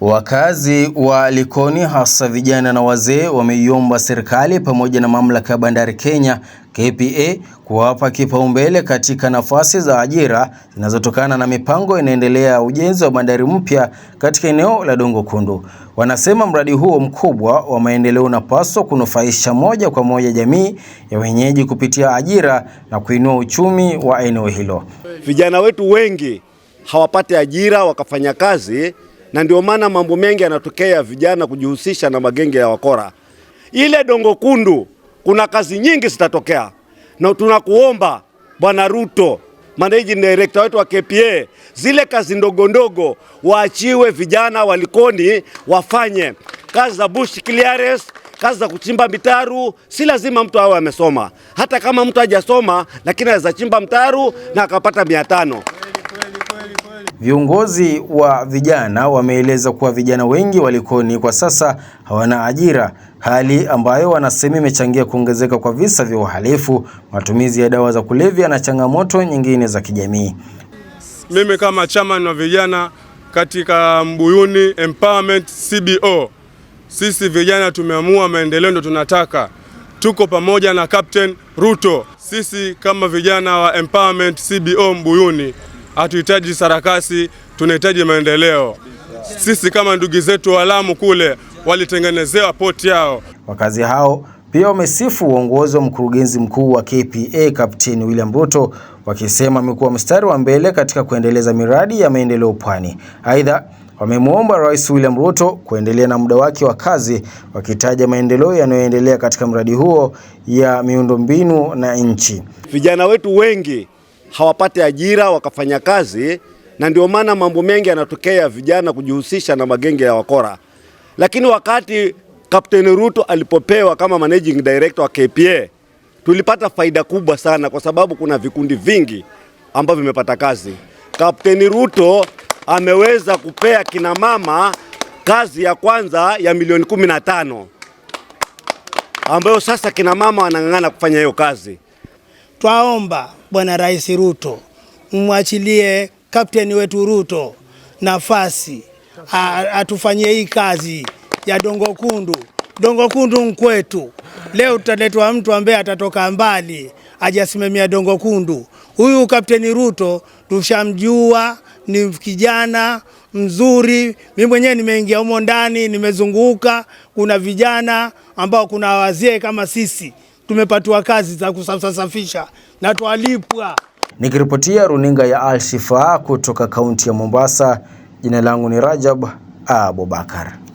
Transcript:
Wakazi wa Likoni hasa vijana na wazee wameiomba serikali pamoja na mamlaka ya bandari Kenya KPA kuwapa kipaumbele katika nafasi za ajira zinazotokana na mipango inaendelea ya ujenzi wa bandari mpya katika eneo la Dongo Kundu. Wanasema mradi huo mkubwa wa maendeleo unapaswa kunufaisha moja kwa moja jamii ya wenyeji kupitia ajira na kuinua uchumi wa eneo hilo. Vijana wetu wengi hawapate ajira wakafanya kazi na ndio maana mambo mengi yanatokea vijana kujihusisha na magenge ya wakora. Ile Dongo Kundu kuna kazi nyingi zitatokea, na tunakuomba Bwana Ruto, managing director wetu wa KPA, zile kazi ndogo ndogo waachiwe vijana walikoni wafanye kazi za bush clearance, kazi za kuchimba mitaru. Si lazima mtu awe amesoma, hata kama mtu hajasoma, lakini anaweza chimba mtaru na akapata mia tano. Viongozi wa vijana wameeleza kuwa vijana wengi wa Likoni kwa sasa hawana ajira, hali ambayo wanasema imechangia kuongezeka kwa visa vya uhalifu, matumizi ya dawa za kulevya na changamoto nyingine za kijamii. Mimi kama chama wa vijana katika Mbuyuni Empowerment CBO, sisi vijana tumeamua maendeleo ndio tunataka, tuko pamoja na Captain Ruto. Sisi kama vijana wa Empowerment CBO Mbuyuni hatuhitaji sarakasi, tunahitaji maendeleo. Sisi kama ndugu zetu wa Lamu kule walitengenezewa poti yao. Wakazi hao pia wamesifu uongozi wa mkurugenzi mkuu wa KPA Kapteni William Ruto wakisema amekuwa mstari wa mbele katika kuendeleza miradi ya maendeleo Pwani. Aidha, wamemwomba Rais William Ruto kuendelea na muda wake wa kazi, wakitaja maendeleo yanayoendelea katika mradi huo ya miundombinu na nchi. Vijana wetu wengi hawapate ajira wakafanya kazi, na ndio maana mambo mengi yanatokea, vijana kujihusisha na magenge ya wakora. Lakini wakati Kapteni Ruto alipopewa kama managing director wa KPA tulipata faida kubwa sana, kwa sababu kuna vikundi vingi ambavyo vimepata kazi. Kapteni Ruto ameweza kupea kina mama kazi ya kwanza ya milioni kumi na tano ambayo sasa kina mama wanang'ang'ana kufanya hiyo kazi. Twaomba Bwana Rais Ruto mwachilie kapteni wetu Ruto nafasi atufanyie hii kazi ya Dongo Kundu. Dongo Kundu nkwetu. Leo tutaletwa mtu ambaye atatoka mbali ajasimamia Dongo Kundu. Huyu kapteni Ruto tushamjua, ni kijana mzuri. Mimi mwenyewe nimeingia humo ndani, nimezunguka, kuna vijana ambao kuna wazee kama sisi tumepatiwa kazi za kusafisha na twalipwa. Nikiripotia runinga ya Al Shifaa kutoka kaunti ya Mombasa, jina langu ni Rajab Abubakar.